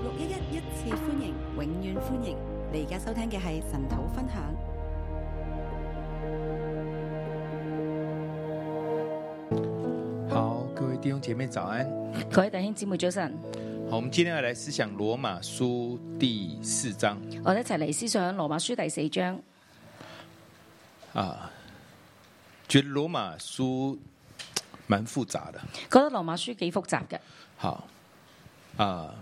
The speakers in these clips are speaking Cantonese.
六一一一次歡迎，永遠歡迎。你而家收聽嘅係神討分享。好，各位弟兄姐妹早安。各位弟兄姊妹早晨。好，我們今天要嚟思想羅馬書第四章。我哋一齊嚟思想羅馬書第四章。啊，覺得羅馬書蠻複雜嘅。覺得羅馬書幾複雜嘅。好，啊。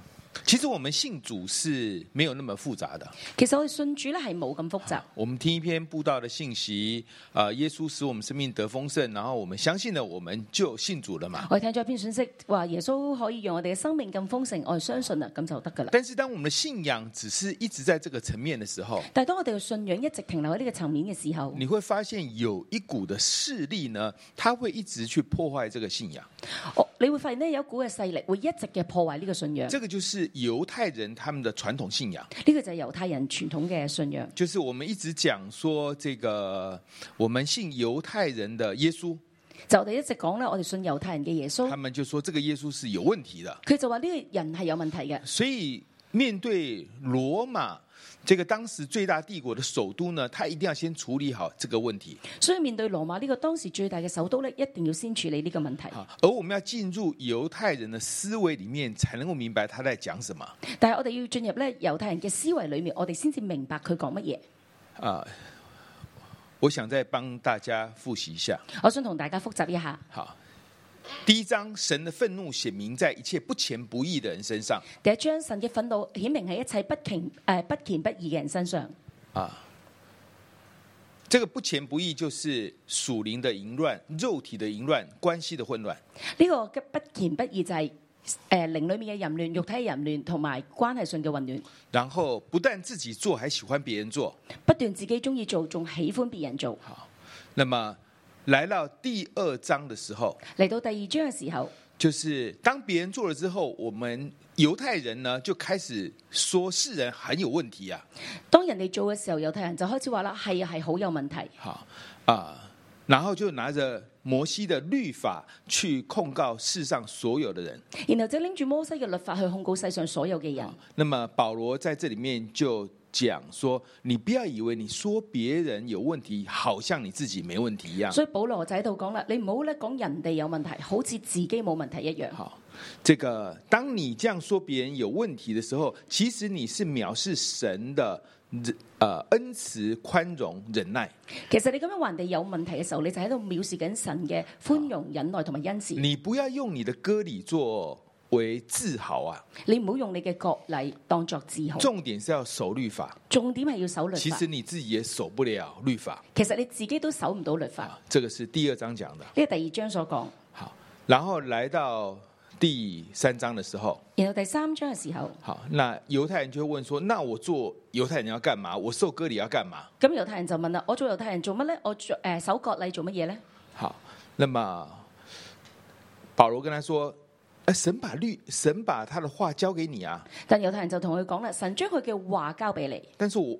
其實我們信主是沒有那麼複雜的。其實我哋信主咧係冇咁複雜的，啊。我們聽一篇布道的信息，啊，耶穌使我們生命得豐盛，然後我們相信了，我們就信主了嘛。我聽咗一篇信息，話耶穌可以讓我哋嘅生命咁豐盛，我哋相信啦，咁就得噶啦。但是當我們的信仰只是一直在這個層面的時候，但係當我哋嘅信仰一直停留喺呢個層面嘅時候，你會發現有一股嘅勢力呢，他會一直去破壞這個信仰。哦，你會發現呢有一股嘅勢力會一直嘅破壞呢個信仰。這個就是。是猶太人他們的傳統信仰，呢個就係猶太人傳統嘅信仰。就是我們一直講說，這個我們信猶太人的耶穌，就我哋一直講啦，我哋信猶太人嘅耶穌，他們就說這個耶穌是有問題的，佢就話呢個人係有問題嘅，所以面對羅馬。這個當時最大帝國的首都呢，他一定要先處理好這個問題。所以面對羅馬呢個當時最大嘅首都呢，一定要先處理呢個問題。而我們要進入猶太人的思維裏面，才能夠明白他在講什麼。但係我哋要進入呢猶太人嘅思維裏面，我哋先至明白佢講乜嘢。啊，我想再幫大家複習一下。我想同大家複習一下。好。第一章，神的憤怒顯明在一切不虔不義的人身上。第一章，神嘅憤怒顯明喺一切不虔誒不虔不義嘅人身上。啊，這個不虔不義就是屬靈的淫亂、肉體的淫亂、關係的混亂。呢、這個不虔不義就係、是、誒、呃、靈裏面嘅淫亂、肉體嘅淫亂，同埋關係上嘅混亂。然後不但自己做，還喜歡別人做。不斷自己中意做，仲喜歡別人做。好，那麼。來到第二章的時候，嚟到第二章嘅時候，就是當別人做了之後，我們猶太人呢就開始說世人很有問題啊。當人哋做嘅時候，猶太人就開始話啦，係啊係好有問題。好啊，然後就拿着摩西嘅律法去控告世上所有的人，然後就拎住摩西嘅律法去控告世上所有嘅人。那麼保羅在這裏面就。講說，你不要以為你說別人有問題，好像你自己沒問題一樣。所以保羅就喺度講啦，你唔好咧講人哋有問題，好似自己冇問題一樣。好，這個當你這樣說別人有問題的時候，其實你是藐視神的，呃，恩慈、寬容、忍耐。其實你咁樣話人哋有問題嘅時候，你就喺度藐視緊神嘅寬容、忍耐同埋恩慈。你不要用你的割禮做。為自豪啊！你唔好用你嘅割禮當作自豪。重點是要守律法。重點係要守律法。其實你自己也守不了律法。其實你自己都守唔到律法。這個是第二章講的。呢個第二章所講。好，然後來到第三章的時候。然後第三章嘅時候。好，那猶太人就會問說：「那我做猶太人要幹嘛？我受割禮要幹嘛？咁猶太人就問啦：「我做猶太人做乜呢？我做誒守割禮做乜嘢呢？」好，那麼保羅跟他說。神把律神把他的話交給你啊！但猶太人就同佢講啦，神將佢嘅話交俾你。但是我，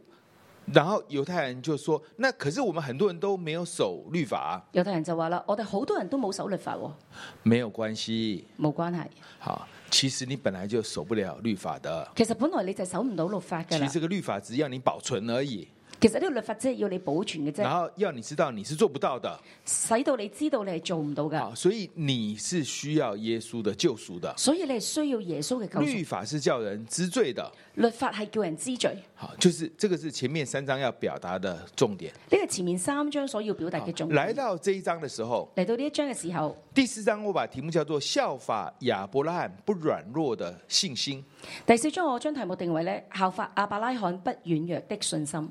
然後猶太人就說，那可是我們很多人都沒有守律法。猶太人就話啦，我哋好多人都冇守律法，哦。沒有關係，冇關係。好，其實你本來就守不了律法的。其實本來你就守唔到律法嘅。其實呢個律法只要你保存而已。其實呢個律法即係要你保存嘅啫，然後要你知道你是做不到的，使到你知道你係做唔到噶，所以你是需要耶穌嘅救贖嘅，所以你係需要耶穌嘅救贖。律法是叫人知罪的，律法係叫人知罪。好，就是這個是前面三章要表達的重點。呢個前面三章所要表達嘅重點。來到這一章嘅時候，嚟到呢一章嘅時候，第四章我把題目叫做效法亞伯拉罕不軟弱的信心。第四章我將題目定為咧效法亞伯拉罕不軟弱的信心。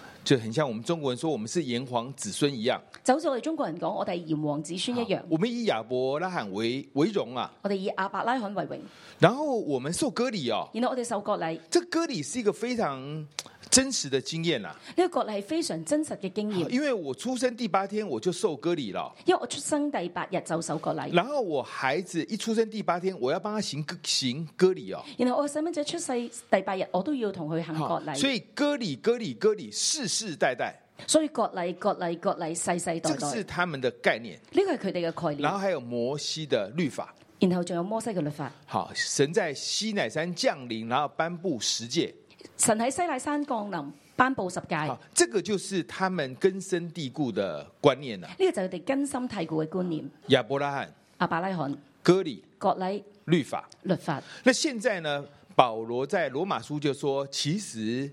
就很像我們中國人說我們是炎黃子孫一樣，就好似我哋中國人講我哋炎黃子孫一樣。我們以亞伯拉罕為為榮啊，我哋以亞伯拉罕為榮。然後我們受割禮哦，然後我哋受割禮。這割禮是一個非常。真實的經驗啦，呢個割禮係非常真實嘅經驗。因為我出生第八天我就受割禮啦，因為我出生第八日就受割禮。然後我孩子一出生第八天，我要幫他行割行割禮哦。然後我細蚊仔出世第八日，我都要同佢行割禮。所以割禮割禮割禮世世代代代。所以割禮割禮割禮世世代代。這是他們的概念，呢個係佢哋嘅概念。然後還有摩西的律法，然後仲有摩西嘅律法。好，神在西奈山降臨，然後頒布十誡。神喺西奈山降臨，頒布十誡。啊，這個就是他們根深蒂固的觀念啦。呢、這個就係佢哋根深蒂固嘅觀念。亞伯拉罕，阿伯拉罕，割禮，割禮，律法，律法。那現在呢？保羅在羅馬書就說：其實，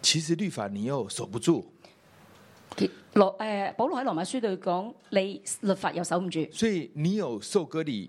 其實律法你又守不住。羅誒、呃，保羅喺羅馬書度講，你律法又守唔住，所以你有受割禮。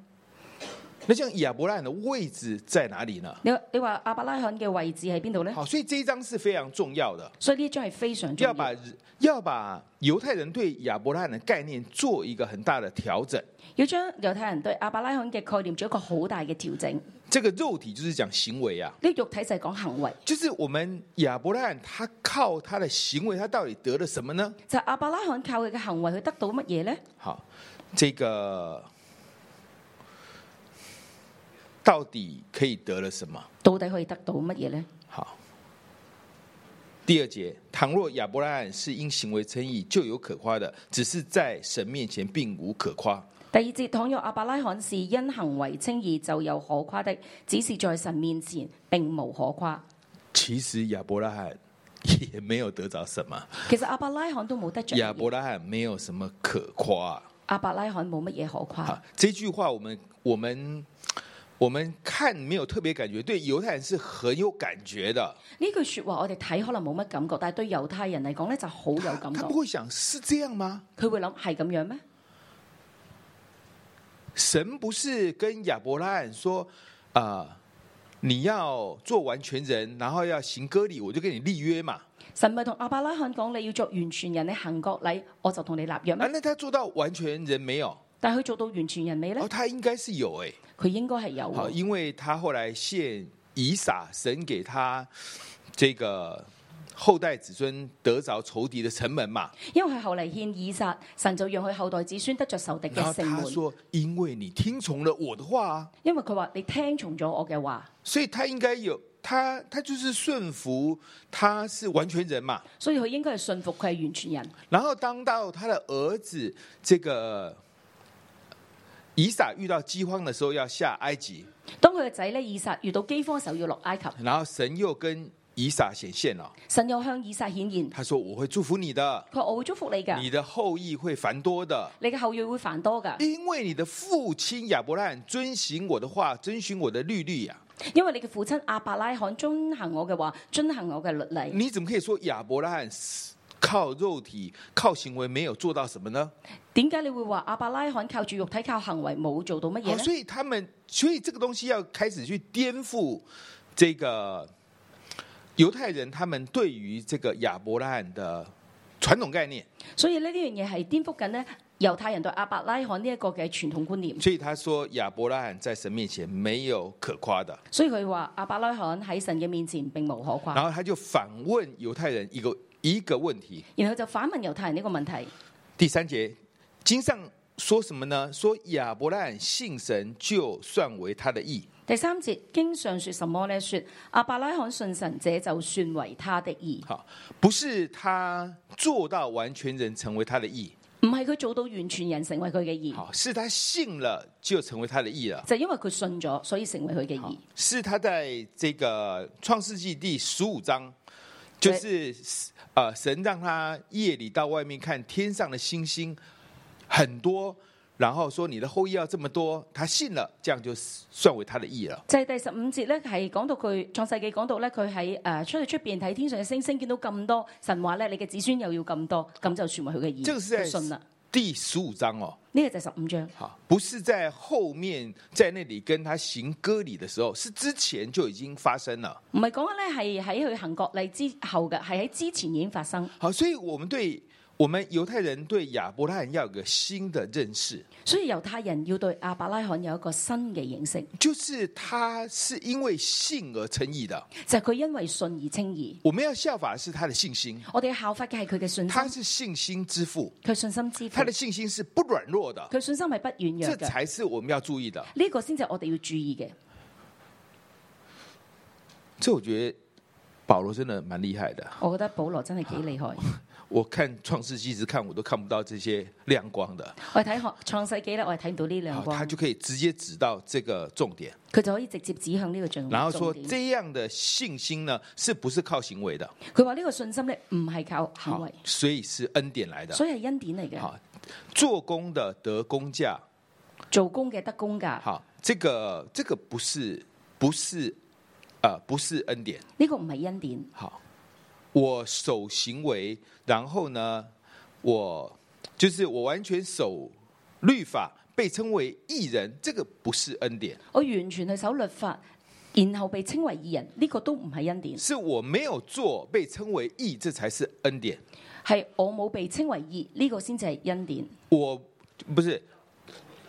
那像亞伯拉罕的位置在哪裏呢？你你話亞伯拉罕嘅位置喺邊度呢？好，所以呢一張是非常重要嘅。所以呢一張係非常重要，要把要把猶太人對亞伯拉罕嘅概念做一個很大的調整，要將猶太人對亞伯拉罕嘅概念做一個好大嘅調整。這個肉體就是講行為啊，呢肉體就係講行為，就是我們亞伯拉罕他靠他的行為，他到底得了什麼呢？就亞伯拉罕靠佢嘅行為，佢得到乜嘢呢？好，這個。到底可以得了什麼？到底可以得到乜嘢呢？好，第二節，倘若亞伯拉罕是因行為稱義，就有可誇的，只是在神面前並無可誇。第二節，倘若阿伯拉罕是因行為稱義，就有可誇的，只是在神面前並無可誇。其實亞伯拉罕也沒有得着什麼。其實亞伯拉罕都冇得着。亞伯拉罕沒有什麼可誇啊。亞伯拉罕冇乜嘢可誇啊。這句話我，我們我們。我們看沒有特別感覺，對猶太人是很有感覺的。呢句說話我哋睇可能冇乜感覺，但係對猶太人嚟講咧就好有感覺。佢會想是這樣嗎？佢會諗係咁樣咩？神不是跟亞伯拉罕說，啊、呃，你要做完全人，然後要行割禮，我就跟你立約嘛。神咪同亞伯拉罕講，你要做完全人，你行割禮，我就同你立約咩？啊，那他做到完全人沒有？但係佢做到完全人未咧？哦，他應該是有誒。佢應該係有，好，因為他後來獻以撒，神給他這個後代子孫得着仇敵的城門嘛。因為佢後來獻以撒，神就讓佢後代子孫得着仇敵嘅城門。然後他說：因為你聽從了我的話啊。因為佢話你聽從咗我嘅話，所以他應該有，他他就是順服，他是完全人嘛。所以佢應該係順服，佢係完全人。然後當到他的兒子，這個。以撒遇到饑荒嘅時候要下埃及，當佢個仔咧，以撒遇到饑荒嘅時候要落埃及，然後神又跟以撒顯現咯，神又向以撒顯現，他說我會祝福你的，佢我會祝福你噶，你的後裔會繁多的，你嘅後裔會繁多噶，因為你的父親亞伯拉罕遵循我的話，遵循我的律例，啊，因為你嘅父親亞伯拉罕遵行我嘅話，遵行我嘅律例，你怎麼可以說亞伯拉罕？靠肉體、靠行為，沒有做到什麼呢？點解你會話阿伯拉罕靠住肉體、靠行為冇做到乜嘢？啊，所以他們，所以這個東西要開始去顛覆這個猶太人他們對於這個亞伯拉罕的傳統概念。所以呢啲嘢係顛覆緊呢猶太人對阿伯拉罕呢一個嘅傳統觀念。所以他說亞伯拉罕在神面前沒有可誇的。所以佢話阿伯拉罕喺神嘅面前並無可誇。然後他就反問猶太人一個。一個問題，然後就反問猶太人呢個問題。第三節經上說什麼呢？說亞伯蘭信神，就算為他的義。第三節經上說什麼呢？說阿伯拉罕信神者，就算為他的義。不是他做到完全人成為他的義，唔係佢做到完全人成為佢嘅義，是他信了就成為他的義啦。就因為佢信咗，所以成為佢嘅義。是他在這個創世紀第十五章，就是。啊、呃！神讓他夜裏到外面看天上的星星，很多，然後說你的後裔要這麼多，他信了，這樣就算為他的義。」啦。就係、是、第十五節咧，係講到佢創世紀講到咧，佢喺誒出去出邊睇天上嘅星星，見到咁多神話咧，你嘅子孫又要咁多，咁就算為佢嘅義，佢信啦。第十五章哦，呢、這個就十五章，吓，不是，是在後面，在那裏跟他行割禮的時候，是之前就已經發生了。唔係講緊咧，係喺佢行割禮之後嘅，係喺之前已經發生。好，所以我們對。我們猶太人對亞伯拉罕要有個新的認識，所以猶太人要對亞伯拉罕有一個新嘅認識，就是他是因為信而稱義的，就係、是、佢因為信而稱義。我們要效法嘅係他的信心，我哋要效法嘅係佢嘅信心。他是信心之父，佢信心之父，他的信心是不軟弱的，佢信心係不軟弱。這才是我們要注意的，呢、這個先至我哋要注意嘅。所以我覺得保羅真係蠻厲害的，我覺得保羅真係幾厲害。 我看《創世記》一直看，我都看不到這些亮光的。我睇《創世記》咧，我係睇唔到呢亮光。他就可以直接指到這個重點。佢就可以直接指向呢個重點。然後說這樣的信心呢，是不是靠行為的？佢話呢個信心呢，唔係靠行為。所以是恩典來的。所以係恩典嚟嘅。好，做工的得工價，做工嘅得工價。好，這個這個不是不是、呃，不是恩典。呢、這個唔係恩典。好。我守行為，然後呢，我就是我完全守律法，被稱為義人，這個不是恩典。我完全去守律法，然後被稱為義人，呢個都唔係恩典。是我沒有做被稱為義，這才是恩典。係我冇被稱為義，呢個先至係恩典。我不是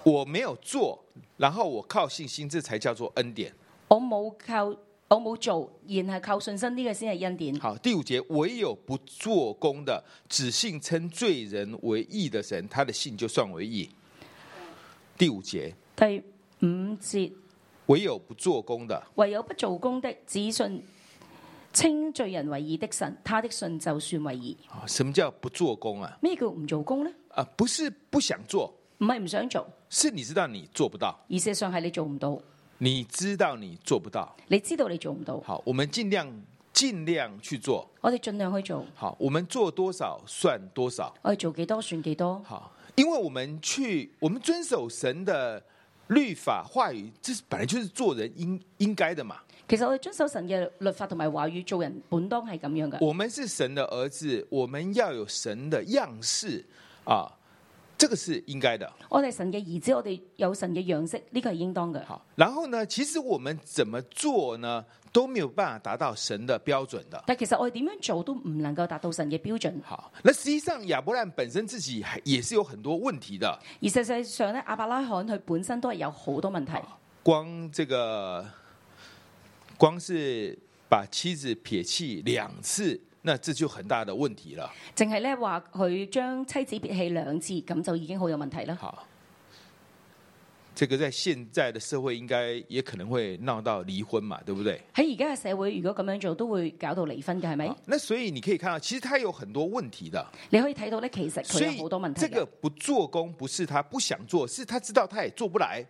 我沒有做，然後我靠信心，這才叫做恩典。我冇靠。我冇做，然係靠信心呢個先係恩典。好，第五節，唯有不做工的，只信稱罪人為義的神，他的信就算為義。第五節，第五節，唯有不做工的，唯有不做工的，只信稱罪人為義的神，他的信就算為義。什麼叫不做工啊？咩叫唔做工呢？啊，不是不想做，唔係唔想做，是你知道你做不到，意思上係你做唔到。你知道你做不到，你知道你做唔到。好，我們盡量盡量去做，我哋盡量去做。好，我們做多少算多少，我哋做幾多算幾多。好，因為我們去，我們遵守神的律法話語，這是本來就是做人應應該的嘛。其實我哋遵守神嘅律法同埋話語，做人本當係咁樣嘅。我們是神的兒子，我們要有神的樣式啊。這個是應該的，我哋神嘅兒子，我哋有神嘅樣式，呢個係應當嘅。好，然後呢，其實我們怎麼做呢，都沒有辦法達到神的標準的。但其實我哋點樣做都唔能夠達到神嘅標準。好，那實際上亞伯蘭本身自己也是有很多問題的，而實際上呢，亞伯拉罕佢本身都係有好多問題。光這個，光是把妻子撇棄兩次。那這就很大的問題了。淨係咧話佢將妻子撇棄兩字，咁就已經好有問題啦。這個在現在的社會應該也可能會鬧到離婚嘛，對不對？喺而家嘅社會，如果咁樣做，都會搞到離婚嘅，係咪、啊？那所以你可以看到，其實他有很多問題的。你可以睇到咧，其實佢有好多問題。所以，這個不做工不是他不想做，是他知道他也做不來。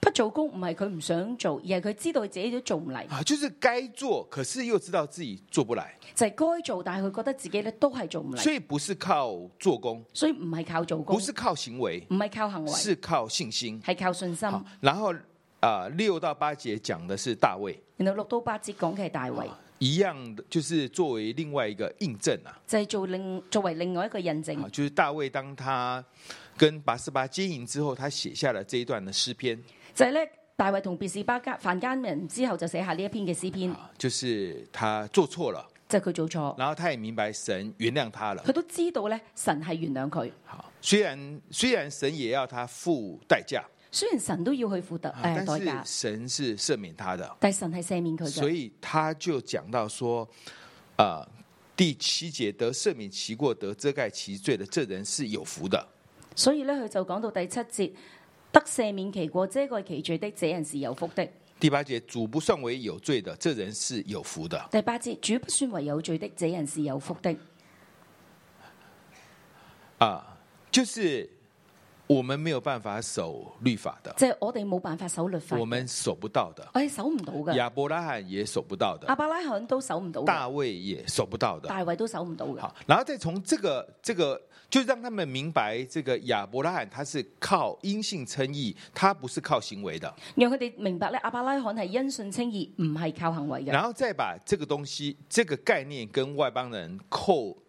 不做工唔係佢唔想做，而係佢知道自己都做唔嚟。啊，就是該做，可是又知道自己做不來。就係、是、該做，但係佢覺得自己咧都係做唔嚟。所以不是靠做工，所以唔係靠做工，不是靠行為，唔係靠行為，是靠信心，係靠。信然後啊，六、呃、到八節講的是大衛，然後六到八節講嘅大衛、啊、一樣，就是作為另外一個印證啊，就係、是、做另作為另外一個印證，啊、就是大衛當他跟拔士巴結營之後，他寫下了這一段的詩篇，就係、是、咧大衛同拔士巴間凡間人之後就寫下呢一篇嘅詩篇、啊，就是他做錯了，就係佢做錯，然後他也明白神原諒他了，佢都知道咧神係原諒佢，雖然雖然神也要他付代價。雖然神都要去負得誒代價，但是神是赦免他的，但神係赦免佢嘅，所以他就講到說，啊、呃、第七節得赦免其過得遮蓋其罪的這人是有福的。所以咧佢就講到第七節得赦免其過遮蓋其罪的這人是有福的。第八節主不算為有罪的這人是有福的。第八節主不算為有罪的這人是有福的。啊，就是。我們沒有辦法守律法的，即係我哋冇辦法守律法。我們守不到的，誒，守唔到嘅。亞伯拉罕也守不到的，阿伯拉罕都守唔到。大衛也守不到的，大衛都守唔到嘅。好，然後再從這個、這個，就讓他們明白，這個亞伯拉罕他是靠因信稱義，他不是靠行為的。讓佢哋明白呢，阿伯拉罕係因信稱義，唔係靠行為嘅。然後再把這個東西、這個概念，跟外邦人扣。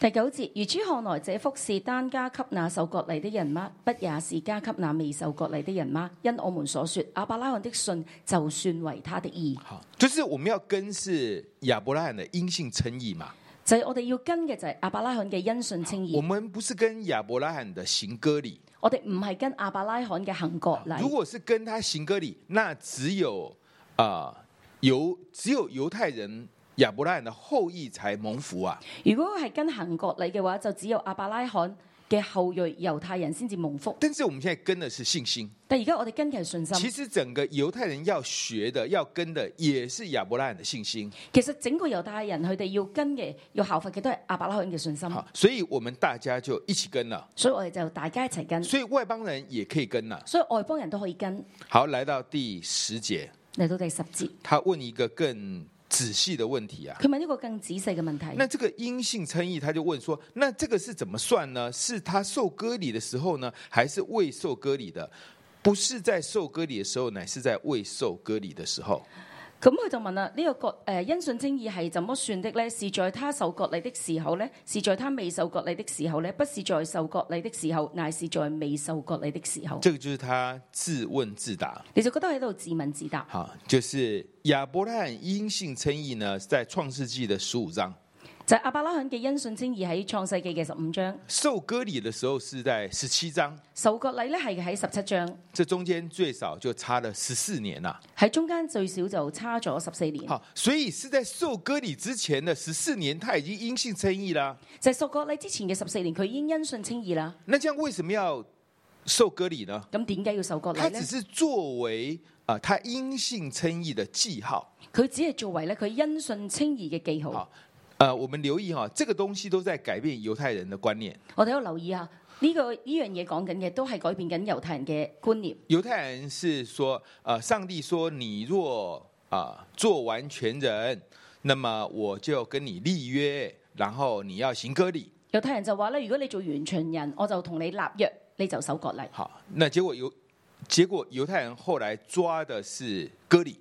第九節，如此看來，這福是單加給那受割禮的人嗎？不也是加給那未受割禮的人嗎？因我們所說，亞伯拉罕的信就算為他的義。好，就是我們要跟是亞伯拉罕的因信稱義嘛。就係、是、我哋要跟嘅就係亞伯拉罕嘅因信稱義。我們不是跟亞伯拉罕的行割禮，我哋唔係跟亞伯拉罕嘅行割禮。如果是跟他行割禮，那只有啊猶、呃、只有猶太人。亞伯拉罕的後裔才蒙福啊！如果係跟行割禮嘅話，就只有亞伯拉罕嘅後裔猶太人先至蒙福。但是我們現在跟嘅是信心。但而家我哋跟嘅係信心。其實整個猶太人要學的、要跟的，也是亞伯拉罕的信心。其實整個猶太人佢哋要跟嘅、要效法嘅都係亞伯拉罕嘅信心。所以，我們大家就一起跟啦。所以我哋就大家一齊跟。所以外邦人也可以跟啦。所以外邦人都可以跟。好，來到第十節，嚟到第十節，他問一個更。仔細的問題啊，佢問呢個更仔細嘅問題。那這個因信稱義，他就問說：那這個是怎麼算呢？是他受割禮的時候呢，還是未受割禮的？不是在受割禮的時候，乃是在未受割禮的時候。咁、嗯、佢就問啦，呢、這個國誒因、呃、信稱義係怎麼算的咧？是在他受割禮的時候咧，是在他未受割禮的時候咧，不是在受割禮的時候，乃是在未受割禮的時候。這個就是他自問自答。你就覺得喺度自問自答。好，就是亞伯拉罕因信稱義呢，在創世紀的十五章。就是、阿伯拉罕嘅因信稱義喺創世紀嘅十五章，受割禮嘅時候是在十七章，受割禮咧係喺十七章。這中間最少就差了十四年啦，喺中間最少就差咗十四年。好，所以是在受割禮之前嘅十四年，他已經因信稱義啦。就係、受割禮之前嘅十四年，佢已經因信稱義啦。那這樣為什麼要受割禮呢？咁點解要受割禮呢？只是作為啊，他因信稱義嘅記號。佢只係作為咧，佢因信稱義嘅記號。誒、uh,，我們留意哈，這個東西都在改變猶太人的觀念。我哋要留意啊，呢、這個呢樣嘢講緊嘅都係改變緊猶太人嘅觀念。猶太人是說，誒、呃，上帝說你若、啊、呃、做完全人，那麼我就跟你立約，然後你要行割禮。猶太人就話咧，如果你做完全人，我就同你立約，你就守割禮。好，那結果猶結果猶太人後來抓的是割禮，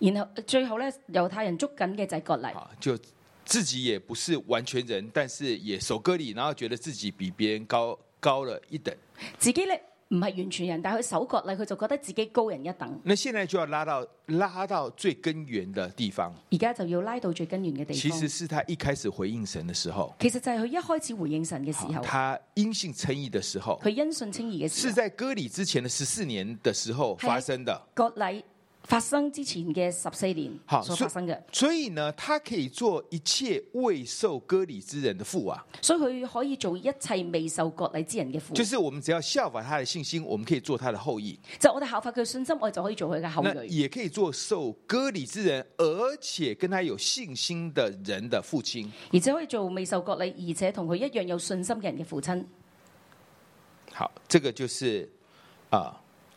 然後最後呢，猶太人捉緊嘅就係割禮。就。自己也不是完全人，但是也守割禮，然後覺得自己比別人高高了一等。自己呢，唔係完全人，但係佢守割禮，佢就覺得自己高人一等。那現在就要拉到拉到最根源的地方。而家就要拉到最根源嘅地方。其實是他一開始回應神的時候。其實就係佢一開始回應神嘅時候。啊，他因信稱義的時候。佢因信稱義嘅時候。是在割禮之前嘅十四年嘅時候發生的。割禮。發生之前嘅十四年所發生嘅，所以呢，所以他可以做一切未受割禮之人的父啊！所以佢可以做一切未受割禮之人嘅父。就是我們只要效法他的信心，我們可以做他的後裔。就我哋效法佢信心，我哋就可以做佢嘅後裔。也可以做受割禮之人，而且跟他有信心的人的父親，而且可以做未受割禮，而且同佢一樣有信心嘅人嘅父親。好，這個就是啊。呃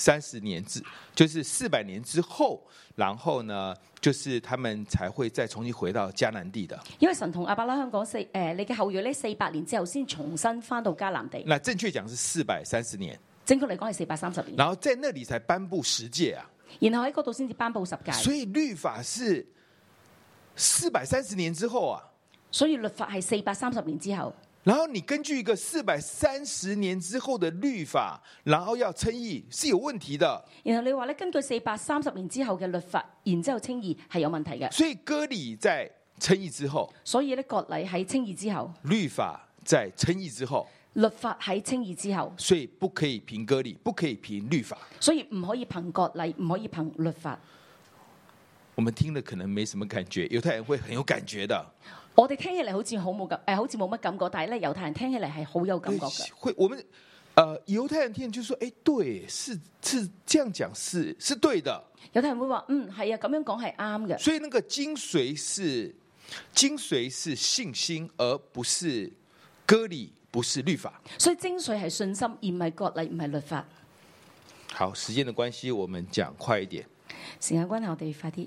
三十年之，就是四百年之後，然後呢，就是他們才會再重新回到迦南地的。因為神同阿伯拉罕講四，誒、呃，你嘅後裔呢，四百年之後先重新翻到迦南地。那正確講是四百三十年。正確嚟講係四百三十年。然後在那裡才頒布十誡啊。然後喺嗰度先至頒布十誡。所以律法是四百三十年之後啊。所以律法係四百三十年之後。然後你根據一個四百三十年之後的律法，然後要稱義是有問題的。然後你話咧，根據四百三十年之後嘅律法，然之後稱義係有問題嘅。所以割禮在稱義之後。所以咧割禮喺稱義之後。律法在稱義之後。律法喺稱義之後。所以不可以憑割禮，不可以憑律法。所以唔可以憑割禮，唔可以憑律法。我們聽了可能沒什麼感覺，猶太人會很有感覺的。我哋聽起嚟好似好冇感，誒、哎，好似冇乜感覺，但係咧猶太人聽起嚟係好有感覺嘅。會，我們，誒、呃，猶太人聽就說，誒、哎，對，是，是，這樣講是，是對的。猶太人會話，嗯，係啊，咁樣講係啱嘅。所以，那個精髓是精髓是信心，而不是割禮，不是律法。所以精髓係信心，而唔係割禮，唔係律法。好，時間的關係，我們講快一點。時間關係，我哋快啲。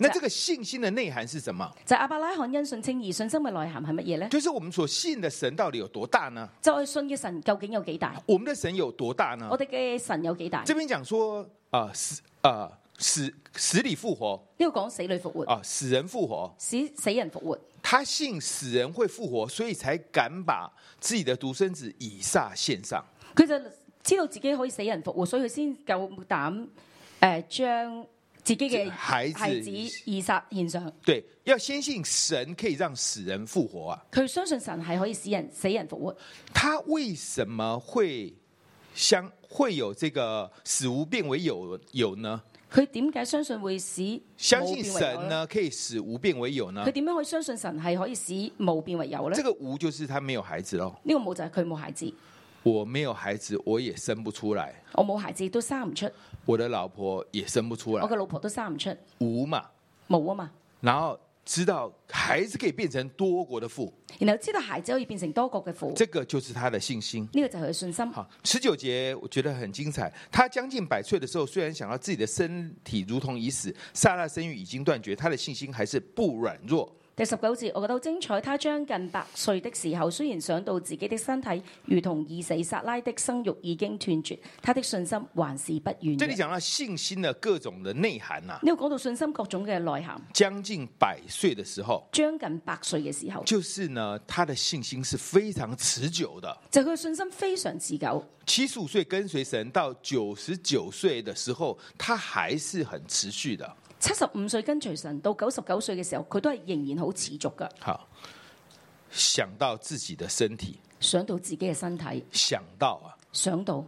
那這個信心的內涵是什麼？就阿伯拉罕因信稱義，信心嘅內涵係乜嘢咧？就是我們所信的神到底有多大呢？就係信嘅神究竟有幾大？我們的神有多大呢？我哋嘅神有幾大？這邊講說，啊、呃、死啊、呃、死死裏復活，呢、這個講死裏復活啊、呃、死人復活，死死人復活，他信死人會復活，所以才敢把自己的獨生子以撒獻上。佢就知道自己可以死人復活，所以佢先夠膽誒將。自己嘅孩子，孩子，二殺現象。對，要相信神可以讓死人復活啊！佢相信神係可以使人死人復活。他為什麼會相會有這個使無變為有有呢？佢點解相信會使相信神呢？可以使無變為有呢？佢點樣可以相信神係可以使無變為有呢？這個無就是他沒有孩子咯，呢、這個無就係佢冇孩子。我沒有孩子，我也生不出來。我冇孩子都生唔出。我的老婆也生不出來。我嘅老婆都生唔出。無嘛，冇啊嘛。然後知道孩子可以變成多國的父，然後知道孩子可以變成多國嘅父，這個就是他的信心。呢、這個就係信心。好，十九節我覺得很精彩。他將近百歲的時候，雖然想到自己的身體如同已死，撒拉生育已經斷絕，他的信心還是不軟弱。第十九節，我覺得精彩。他將近百歲的時候，雖然想到自己的身體如同已死，撒拉的生育已經斷絕，他的信心還是不軟。即係你講到信心的各種的內涵啊，你要講到信心各種嘅內涵。將近百歲的時候，將近百歲嘅時候，就是呢，他的信心是非常持久的。就係佢嘅信心非常持久。七十五歲跟隨神到九十九歲的時候，他還是很持續的。七十五歲跟隨神到九十九歲嘅時候，佢都係仍然好持續噶。好，想到自己的身體，想到自己嘅身體，想到啊，想到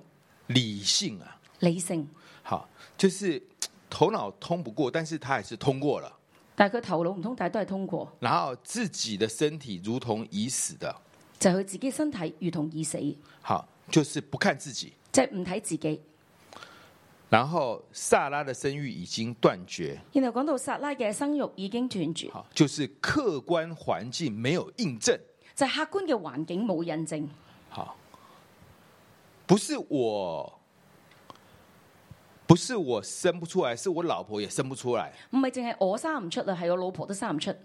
理性啊，理性。好，就是頭腦通不過，但是他還是通過了。但係佢頭腦唔通，但係都係通過。然後自己的身體如同已死的，就係佢自己身體如同已死。好，就是不看自己，即係唔睇自己。然後薩拉的生育已經斷絕。然後講到薩拉嘅生育已經斷絕，好，就是客觀環境沒有印證，就係客觀嘅環境冇印證。好，不是我，不是我生不出來，是我老婆也生不出來。唔係淨係我生唔出啦，係我老婆都生唔出來。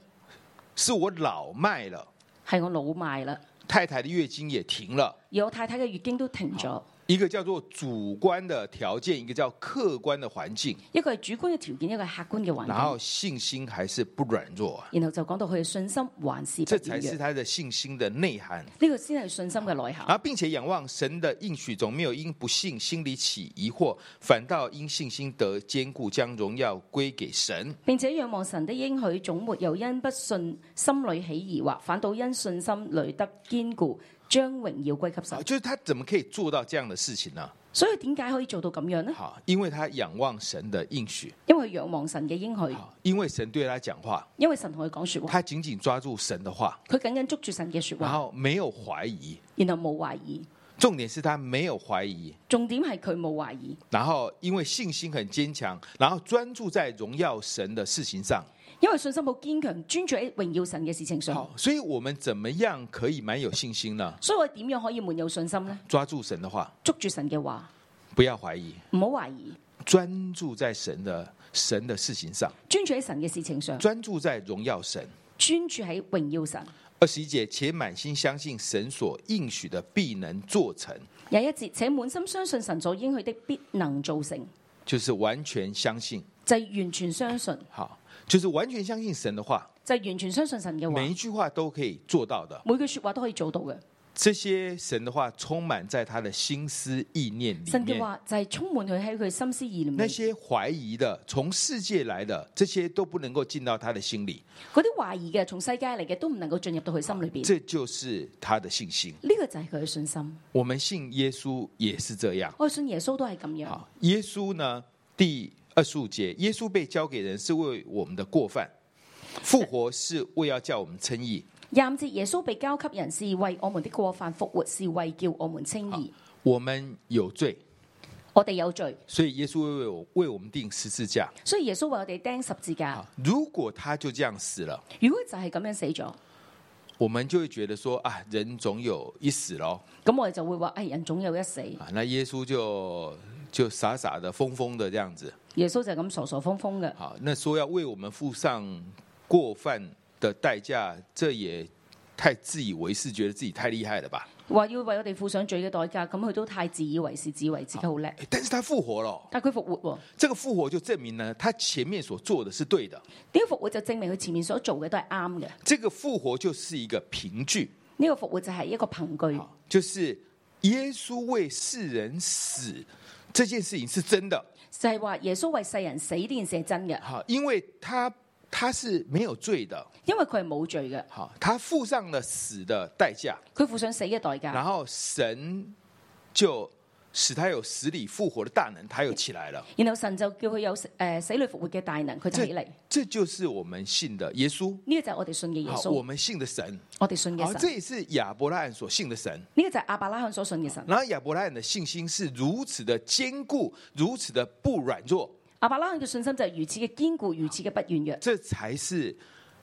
是我老邁了，係我老邁啦。太太的月經也停了，而我太太嘅月經都停咗。一個叫做主觀的條件，一個叫客觀的環境。一個係主觀嘅條件，一個係客觀嘅環境。然後信心還是不軟弱。然後就講到佢嘅信心還是。這才是他的信心的內涵。呢、這個先係信心嘅內涵。然後並且仰望神的應許，總沒有因不,幸總沒因不信心裏起疑惑，反倒因信心得堅固，將榮耀歸給神。並且仰望神的應許，總沒有因不信心裏起疑惑，反倒因信心累得堅固。將榮耀歸給神，哦，就是他怎麼可以做到這樣的事情呢？所以點解可以做到咁樣呢？好，因為他仰望神的應許，因為他仰望神嘅應許，因為神對他講話，因為神同佢講說話，他緊緊抓住神的話，佢緊緊捉住神嘅說話，然後沒有懷疑，然後冇懷，懷疑，重點是他沒有懷疑，重點係佢冇懷疑，然後因為信心很堅強，然後專注在榮耀神的事情上。因為信心好堅強，專注喺榮耀神嘅事情上、哦。所以我們怎麼樣可以滿有信心呢？所以我點樣可以滿有信心呢？抓住神的話，捉住神嘅話，不要懷疑，唔好懷疑，專注在神的神的事情上，專注喺神嘅事情上，專注在榮耀神，專注喺榮耀神。二十一節，且滿心相信神所應許的必能做成。有一節，且滿心相信神所應許的必能做成，就是完全相信，就係、是、完全相信。好。就是完全相信神的話，就係、是、完全相信神嘅話，每一句話都可以做到的，每句說話都可以做到嘅。這些神的話充滿在他的心思意念裏面，神嘅話就係、是、充滿佢喺佢心思意念裏。那些懷疑的、從世界來的，這些都不能夠進到他的心裏。嗰啲懷疑嘅、從世界嚟嘅，都唔能夠進入到佢心裏邊。這就是他的信心，呢、這個就係佢嘅信心。我們信耶穌也是這樣，我信耶穌都係咁樣。好，耶穌呢，第。二十五節，耶穌被交給人是為我們的過犯，復活是為要叫我們稱義。二十五節，耶穌被交給人是為我們的過犯，復活是為叫我們稱義。我們有罪，我哋有罪，所以耶穌為我為我們釘十字架。所以耶穌為我哋釘十字架。如果他就這樣死了，如果就係咁樣死咗，我們就會覺得說啊，人總有一死咯。咁我哋就會話，哎，人總有一死。啊，那耶穌就就傻傻的瘋瘋的這樣子。耶穌就係咁傻傻瘋瘋嘅。好，那說要為我們付上過犯的代價，這也太自以為是，覺得自己太厲害了吧？話要為我哋付上罪嘅代價，咁佢都太自以為是，自以為自己好叻。但是他復活咯，但佢復活，這個復活就證明呢，他前面所做的是對的。呢個復活就證明佢前面所做嘅都係啱嘅。這個復活就是一個憑據，呢個復活就係一個憑據，就是耶穌為世人死，這件事情是真的。就係、是、話耶穌為世人死呢件事係真嘅，吓，因為他他是沒有罪的，因為佢係冇罪嘅，吓，他付上了死的代價，佢付上死嘅代價，然後神就。使他有死裏復活的大能，他又起來了。然後神就叫佢有誒死、呃、死裏復活嘅大能，佢就起嚟。這就是我們信的耶穌。呢個就係我哋信嘅耶穌、哦。我們信的神。我哋信嘅神、哦。這也是亞伯拉罕所信的神。呢個就係亞伯拉罕所信嘅神。然後亞伯拉罕的信心是如此的堅固，如此的不軟弱。亞伯拉罕嘅信心就係如此嘅堅固，如此嘅不軟弱。這才是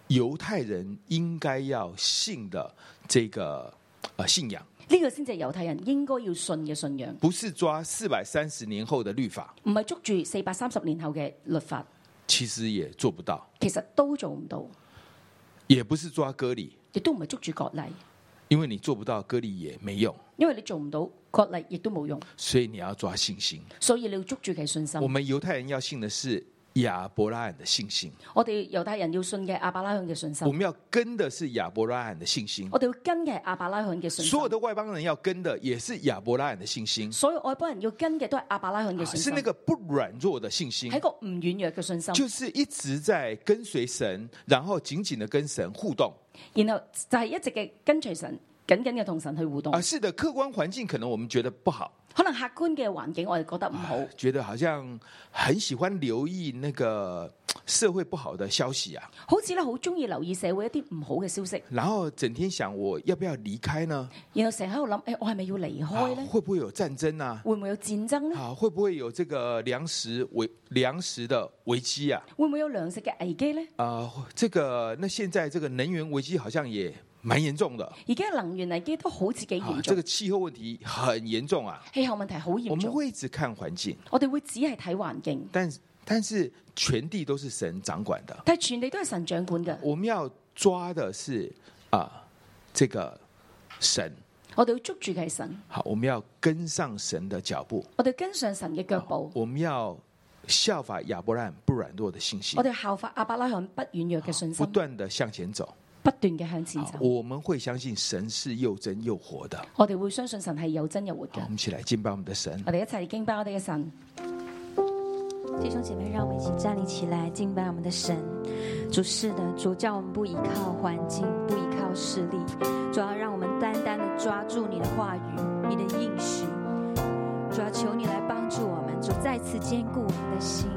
猶太人應該要信的這個啊信仰。呢、這個先係猶太人應該要信嘅信仰。不是抓四百三十年後的律法，唔係捉住四百三十年後嘅律法。其實也做不到，其實都做唔到。也不是抓割禮，亦都唔係捉住割禮，因為你做不到割禮也沒用，因為你做唔到割禮亦都冇用，所以你要抓信心，所以你要捉住佢信心。我們猶太人要信的是。亞伯拉罕的信心，我哋猶太人要信嘅亞伯拉罕嘅信心，我們要跟嘅是亞伯拉罕嘅信心，我哋要跟嘅係亞伯拉罕嘅信，信心，所有嘅外邦人要跟嘅也是亞伯拉罕嘅信心，所有外邦人要跟嘅都係亞伯拉罕嘅信心，啊，是那個不軟弱嘅信心，係一個唔軟弱嘅信心，就是一直在跟隨神，然後緊緊的跟神互動，然後就係一直嘅跟隨神，緊緊嘅同神去互動。啊，是的，客觀環境可能我們覺得不好。可能客觀嘅環境，我哋覺得唔好，啊，覺得好像很喜歡留意那個社會不好的消息啊，好似咧好中意留意社會一啲唔好嘅消息，然後整天想我要不要離開呢？然後成日喺度諗，誒、欸，我係咪要離開呢，啊、會不會有戰爭啊？會唔會有戰爭啊，會不會有這個糧食為糧食的危機啊？會唔會有糧食嘅危機呢？」啊，這個，那現在這個能源危機好像也。蠻嚴重的，而家能源危機都好似幾嚴重。這個氣候問題很嚴重啊！氣候問題好嚴重。我們會一直看環境，我哋會只係睇環境。但是但是全地都是神掌管的，但係全地都係神掌管嘅。我們要抓的是啊，這個神，我哋要捉住佢神。好，我們要跟上神的腳步，我哋跟上神嘅腳步、啊。我們要效法亞伯拉罕不軟弱的信心。我哋效法亞伯拉罕不軟弱嘅信心。不斷的向前走。不斷嘅向前走，我們會相信神是又真又活的。我哋會相信神係又真又活嘅。我們起嚟，敬拜我們的神。我哋一齊敬拜我哋嘅神。弟兄姐妹，讓我們一起站立起來，敬拜我們的神。主是的，主叫我們不依靠環境，不依靠勢力，主要讓我們單單的抓住你的話語，你的應許。主要求你來幫助我們，主再次堅固我們的心。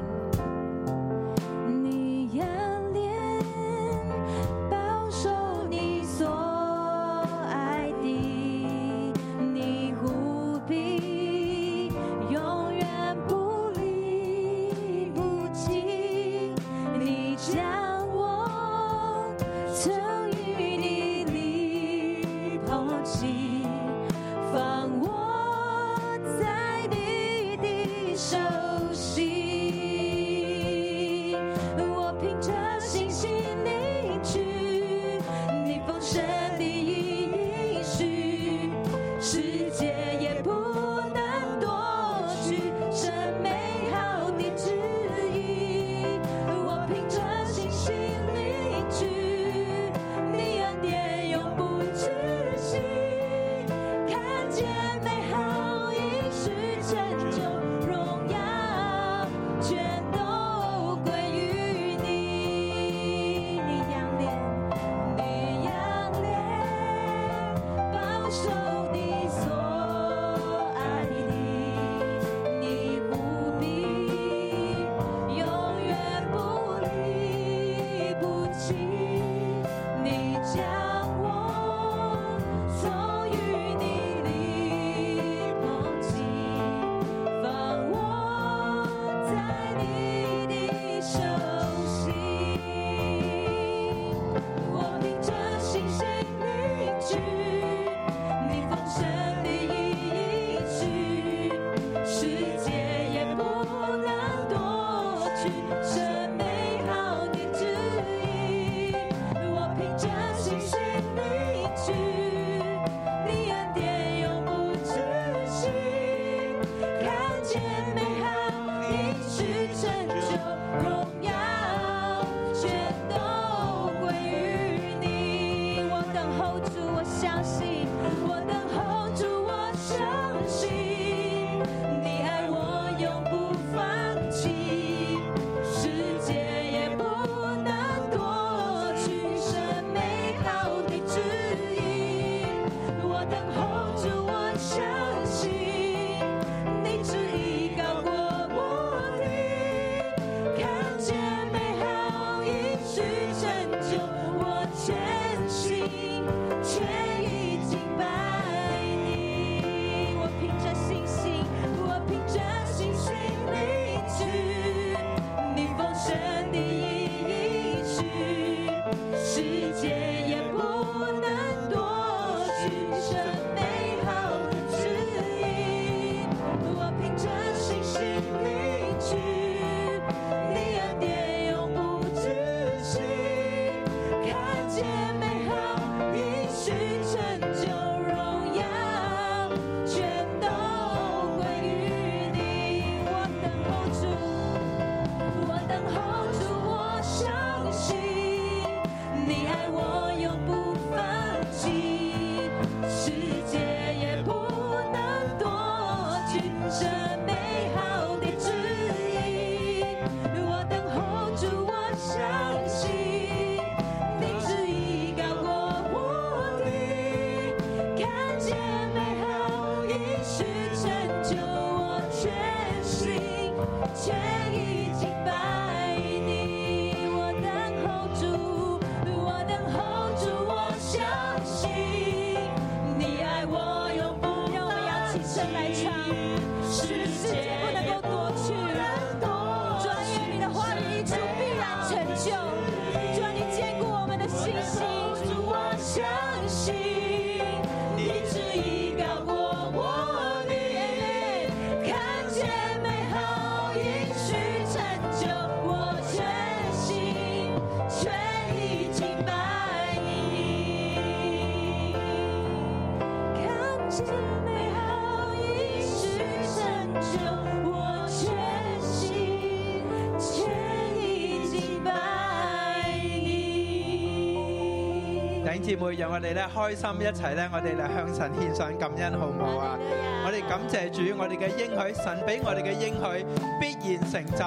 會讓我哋咧開心一齊咧，我哋嚟向神獻上感恩，好唔好啊？我哋感謝主，我哋嘅應許，神俾我哋嘅應許。現成就，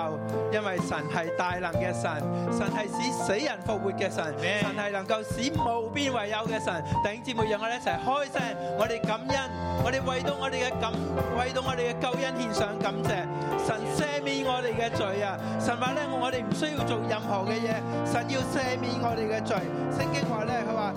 因為神係大能嘅神，神係使死人復活嘅神，神係能夠使無變為有嘅神。頂尖會讓我哋一齊開聲，我哋感恩，我哋為到我哋嘅感，為到我哋嘅救恩獻上感謝。神赦免我哋嘅罪啊！神話咧，我哋唔需要做任何嘅嘢，神要赦免我哋嘅罪。聖經話咧，佢話。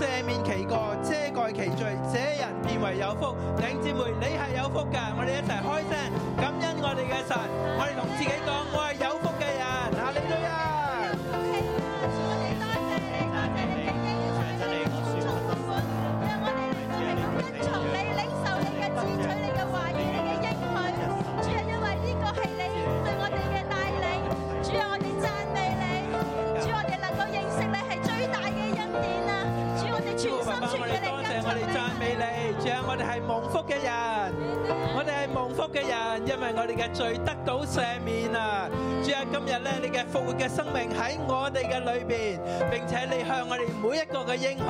赦免其過，遮蓋其罪，這人便為有福。領姊妹，你係有福㗎！我哋一齊開聲感恩我哋嘅神。我哋同自己講，我係有福的。蒙福嘅人，我哋係蒙福嘅人，因為我哋嘅罪得到赦免啊！主啊，今日咧，你嘅復活嘅生命喺我哋嘅裏邊，並且你向我哋每一個嘅應許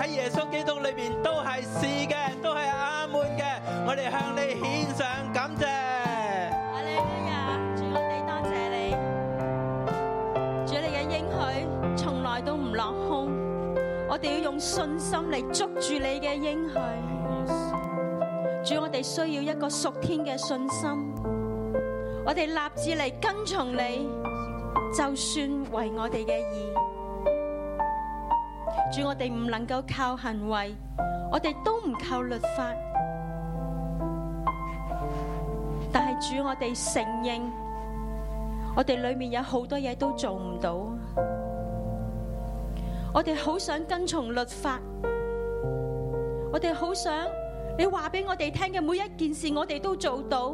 喺耶穌基督裏邊都係是嘅，都係阿門嘅。我哋向你獻上感謝。阿利亞，主我哋多謝你，主你嘅應許從來都唔落空，我哋要用信心嚟捉住你嘅應許。主，我哋需要一個屬天嘅信心，我哋立志嚟跟從你，就算為我哋嘅義。主，我哋唔能夠靠行為，我哋都唔靠律法，但係主，我哋承認，我哋裏面有好多嘢都做唔到，我哋好想跟從律法，我哋好想。你話俾我哋聽嘅每一件事，我哋都做到。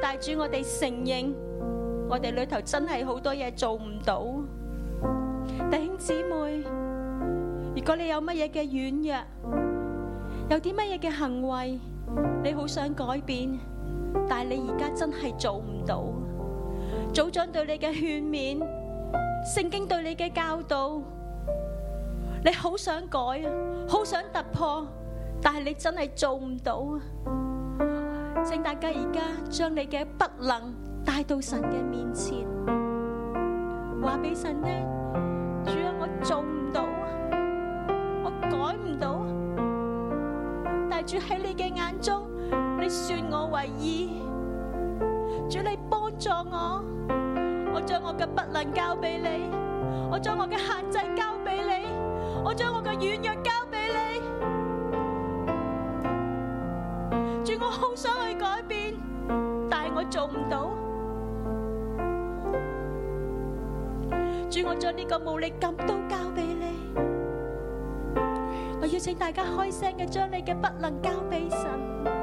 但係主，我哋承認，我哋裏頭真係好多嘢做唔到。弟兄姊妹，如果你有乜嘢嘅軟弱，有啲乜嘢嘅行為，你好想改變，但係你而家真係做唔到。組長對你嘅勸勉，聖經對你嘅教導，你好想改，好想突破。但係你真係做唔到啊！請大家而家將你嘅不能帶到神嘅面前，話俾神聽。主啊，我做唔到，我改唔到。但主，喺你嘅眼中，你算我為義。主，你幫助我，我將我嘅不能交俾你，我將我嘅限制交俾你，我將我嘅軟弱交俾你。好想去改變，但係我做唔到。主，我將呢個無力感都交俾你。我要請大家開聲嘅將你嘅不能交俾神。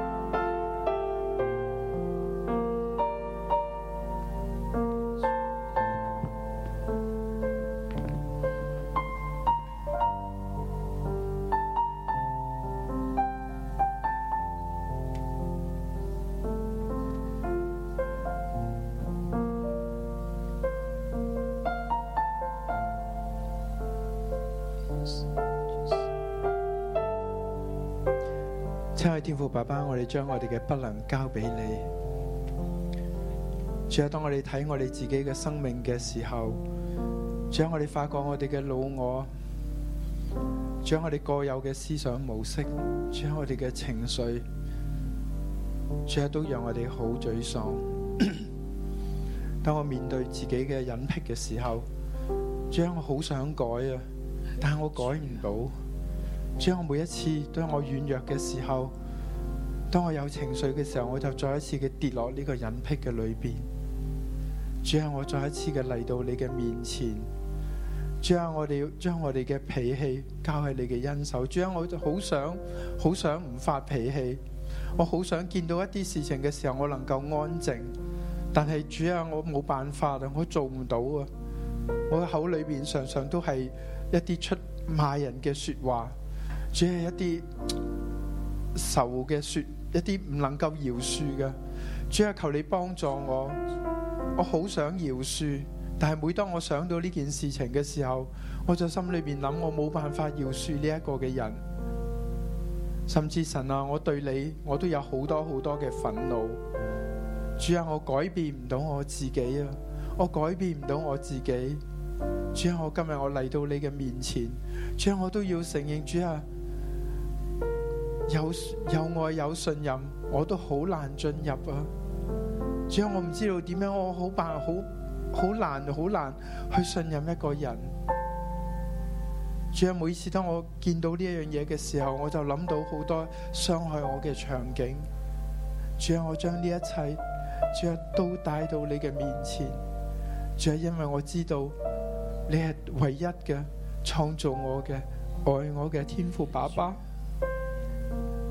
爸爸，我哋將我哋嘅不能交俾你。最後，當我哋睇我哋自己嘅生命嘅時候，將我哋發覺我哋嘅老我，將我哋各有嘅思想模式，將我哋嘅情緒，最後都讓我哋好沮喪。 當我面對自己嘅隱蔽嘅時候，將我好想改啊，但係我改唔到。將我每一次都係我軟弱嘅時候，當我有情緒嘅時候，我就再一次嘅跌落呢個隱僻嘅裏邊。主啊，我再一次嘅嚟到你嘅面前。主啊，我哋要將我哋嘅脾氣交喺你嘅恩手。主啊，我就好想好想唔發脾氣。我好想見到一啲事情嘅時候，我能夠安靜。但係主啊，我冇辦法啊，我做唔到啊。我口裏邊常常都係一啲出罵人嘅說話，主要係一啲仇嘅說。一啲唔能夠饒恕嘅，主啊，求你幫助我。我好想饒恕，但係每當我想到呢件事情嘅時候，我就心裏邊諗，我冇辦法饒恕呢一個嘅人。甚至神啊，我對你，我都有好多好多嘅憤怒。主啊，我改變唔到我自己啊，我改變唔到我自己。主啊，我今日我嚟到你嘅面前，主啊，我都要承認主啊，主啊。有有愛有信任，我都好難進入啊！主啊，我唔知道點樣，我好辦，好好難，好難去信任一個人。主啊，每次當我見到呢一樣嘢嘅時候，我就諗到好多傷害我嘅場景。主啊，我將呢一切，主啊，都帶到你嘅面前。主啊，因為我知道你係唯一嘅創造我嘅愛我嘅天父爸爸。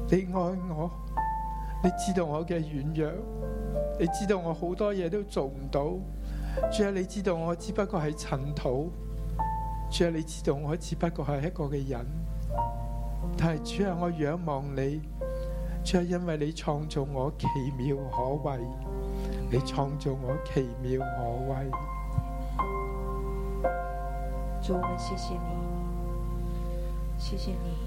你愛我，你知道我嘅軟弱，你知道我好多嘢都做唔到，主啊，你知道我只不過係塵土，主啊，你知道我只不過係一個嘅人，但係主啊，我仰望你，主啊，因為你創造我奇妙可畏，你創造我奇妙可畏。主，我謝謝你，謝謝你。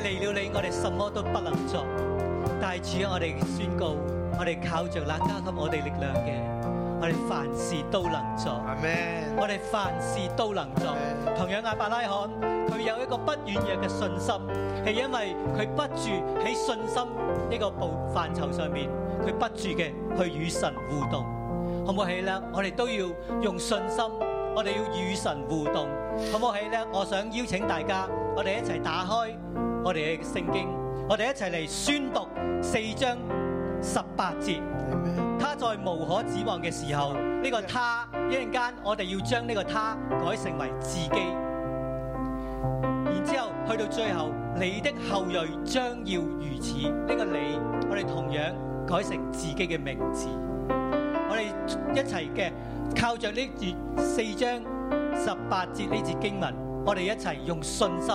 離了你，我哋什麼都不能做。但係主，我哋宣告，我哋靠着那加給我哋力量嘅，我哋凡事都能做。阿們，我哋凡事都能做。Amen. 同樣亞伯拉罕，佢有一個不軟弱嘅信心，係因為佢不住喺信心呢個部範疇上面，佢不住嘅去與神互動。好唔好起咧？我哋都要用信心，我哋要與神互動。好唔好起咧？我想邀請大家，我哋一齊打開。我哋嘅聖經，我哋一齊嚟宣讀四章十八節。他在無可指望嘅時候，呢個他一陣間，我哋要將呢個他改成為自己。然之後去到最後，你的後裔將要如此，呢個你我哋同樣改成自己嘅名字。我哋一齊嘅靠著呢四章十八節呢節經文，我哋一齊用信心，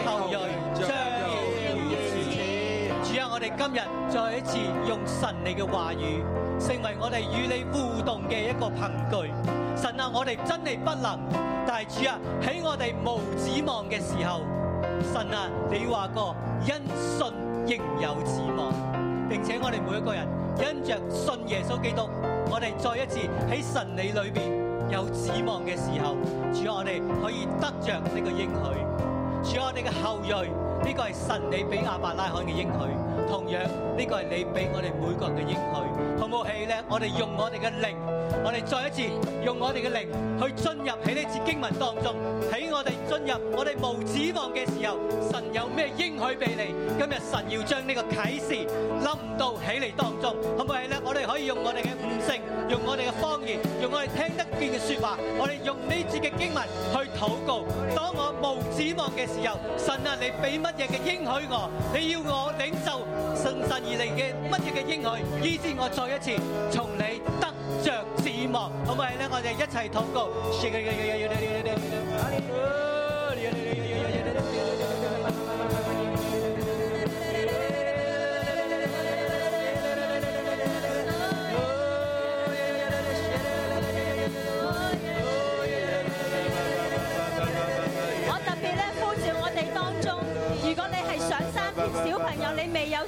後裔將要主啊，我哋今日再一次用神你嘅話語，成為我哋與你互動嘅一個憑據。神啊，我哋真係不能。但係主啊，喺我哋無指望嘅時候，神啊，你話過因信仍有指望，並且我哋每一個人因着信耶穌基督，我哋再一次喺神你裏邊有指望嘅時候，主啊，我哋可以得着你嘅應許。主我哋嘅後裔，呢、這個係神你俾亞伯拉罕嘅應許。同樣呢個係你俾我哋每個人嘅應許，好冇氣咧？我哋用我哋嘅靈，我哋再一次用我哋嘅靈去進入喺呢節經文當中。喺我哋進入我哋無指望嘅時候，神有咩應許俾你？今日神要將呢個啟示臨到起嚟當中，好冇氣咧？我哋可以用我哋嘅悟性，用我哋嘅方言，用我哋聽得見嘅説話，我哋用呢節嘅經文去禱告。當我無指望嘅時候，神啊，你俾乜嘢嘅應許我？你要我領受。信心而嚟嘅乜嘢嘅應許，以致我再一次從你得着指望。好唔好咧？我哋一齊禱告，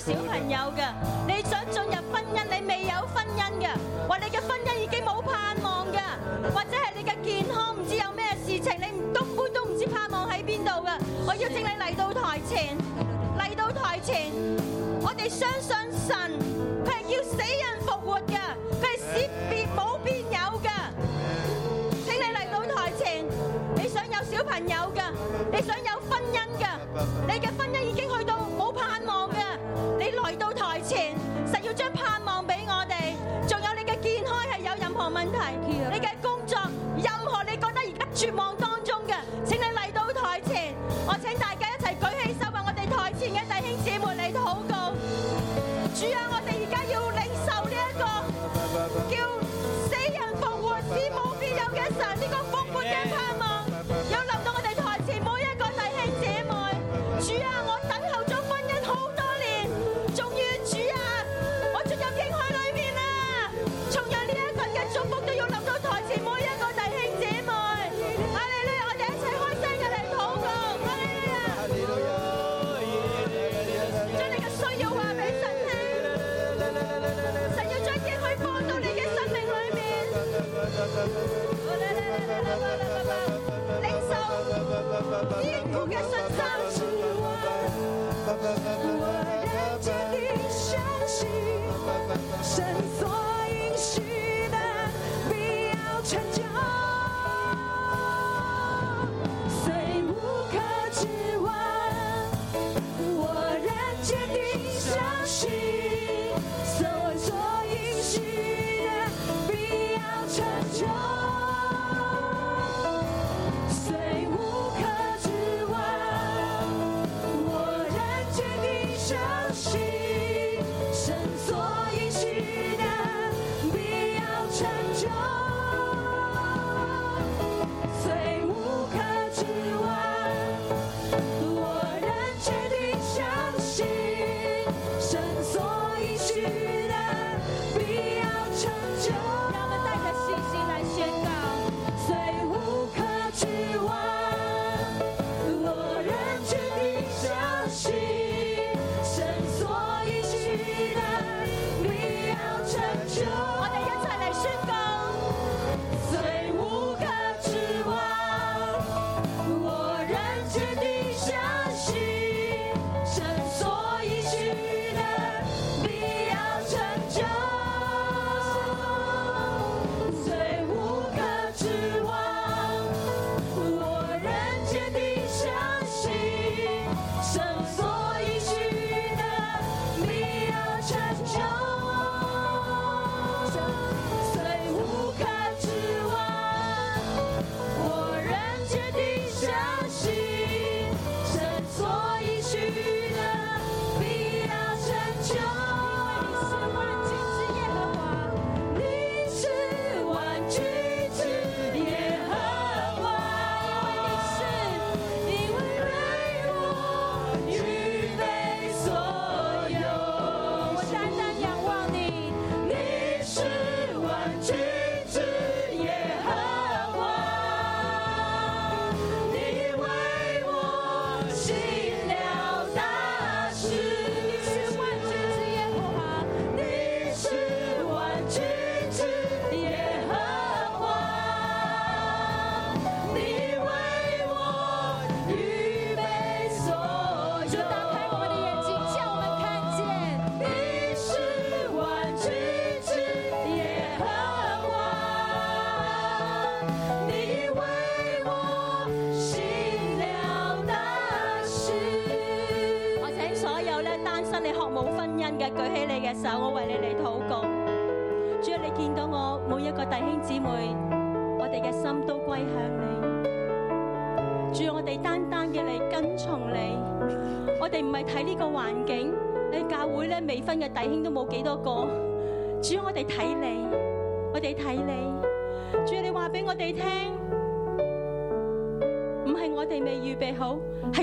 小朋友嘅，你想進入婚姻，你未有婚姻嘅話，或你嘅婚姻已經冇盼望嘅，或者係你嘅健康唔知有咩事情，你根本都唔知盼望喺邊度嘅，我邀請你嚟到台前，嚟到台前，我哋相信神，佢係叫死人復活嘅，佢係使變冇變有嘅，請你嚟到台前，你想有小朋友嘅，你想有婚姻嘅，你嘅婚姻已經去到，你嘅工作，任何你覺得而家絕望當中嘅，請你嚟到台前。我請大家一齊舉起手，為我哋台前嘅弟兄姊妹嚟禱告。主啊，我哋而家要領受呢一個叫死人復活、天無變有嘅神，呢個復活嘅盼望。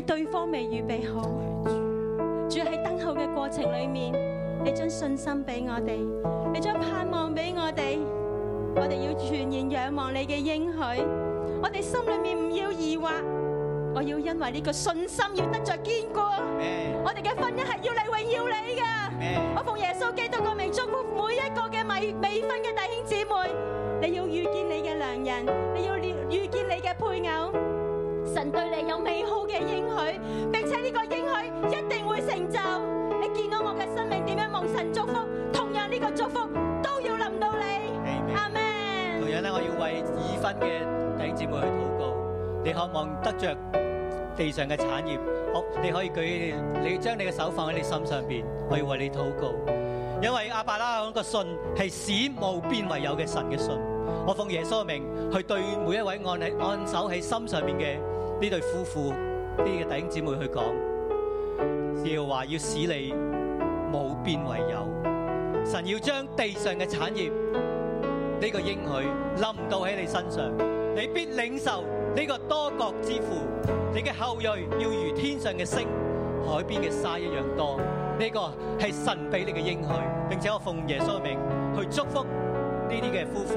對方未預備好，住喺等候嘅過程裏面，你將信心俾我哋，你將盼望俾我哋，我哋要全然仰望你嘅應許，我哋心裏面唔要疑惑，我要因為呢個信心要得着堅固，我哋嘅婚姻係要嚟榮耀你噶，我奉耶穌基督嘅名祝福每一個嘅未未婚嘅弟兄姊妹，你要遇見你嘅良人，你要遇遇見你嘅配偶。神對你有美好嘅應許，並且呢個應許一定會成就。你見到我嘅生命點樣望神祝福，同樣呢個祝福都要臨到你。阿門。同樣咧，我要為已婚嘅弟兄姊妹去禱告，你渴望得着地上嘅產業，好，你可以舉，你將你嘅手放喺你心上邊，我要為你禱告，因為亞伯拉罕嘅信係使無變為有嘅神嘅信，我奉耶穌嘅名去對每一位按你按手喺心上邊嘅。呢對夫婦，呢啲嘅弟兄姊妹去講，要話要使你冇變為有，神要將地上嘅產業呢個應許臨到喺你身上，你必領受呢個多國之父，你嘅後裔要如天上嘅星、海邊嘅沙一樣多。呢個係神俾你嘅應許，並且我奉耶穌名去祝福呢啲嘅夫婦，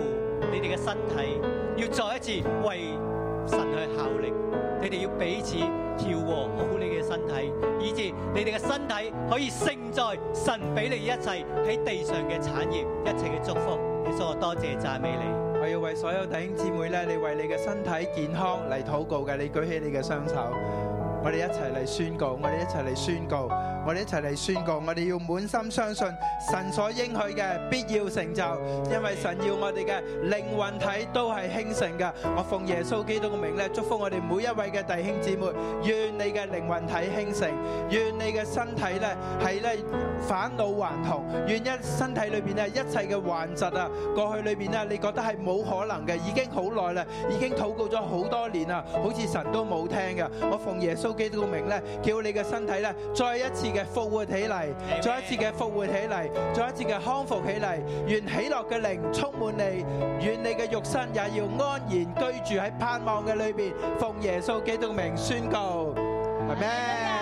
你哋嘅身體要再一次為神去效力。你哋要彼此調和好你嘅身體，以至你哋嘅身體可以勝在神俾你一切喺地上嘅產業，一切嘅祝福。你，所以我多謝讚美你，我要為所有弟兄姊妹咧，你為你嘅身體健康嚟禱告嘅，你舉起你嘅雙手，我哋一齊嚟宣告，我哋一齊嚟宣告。我哋一齊嚟宣告，我哋要滿心相信神所應許嘅必要成就，因為神要我哋嘅靈魂體都係興盛嘅。我奉耶穌基督嘅名咧，祝福我哋每一位嘅弟兄姊妹，願你嘅靈魂體興盛，願你嘅身體咧係咧返老還童，願一身體裏邊咧一切嘅患疾啊，過去裏邊啊你覺得係冇可能嘅，已經好耐啦，已經禱告咗好多年啦，好似神都冇聽嘅。我奉耶穌基督嘅名咧，叫你嘅身體咧再一次。嘅復活起嚟，再一次嘅復活起嚟，再一次嘅康復起嚟，願喜樂嘅靈充滿你，願你嘅肉身也要安然居住喺盼望嘅裏邊，奉耶穌基督名宣告，係咩？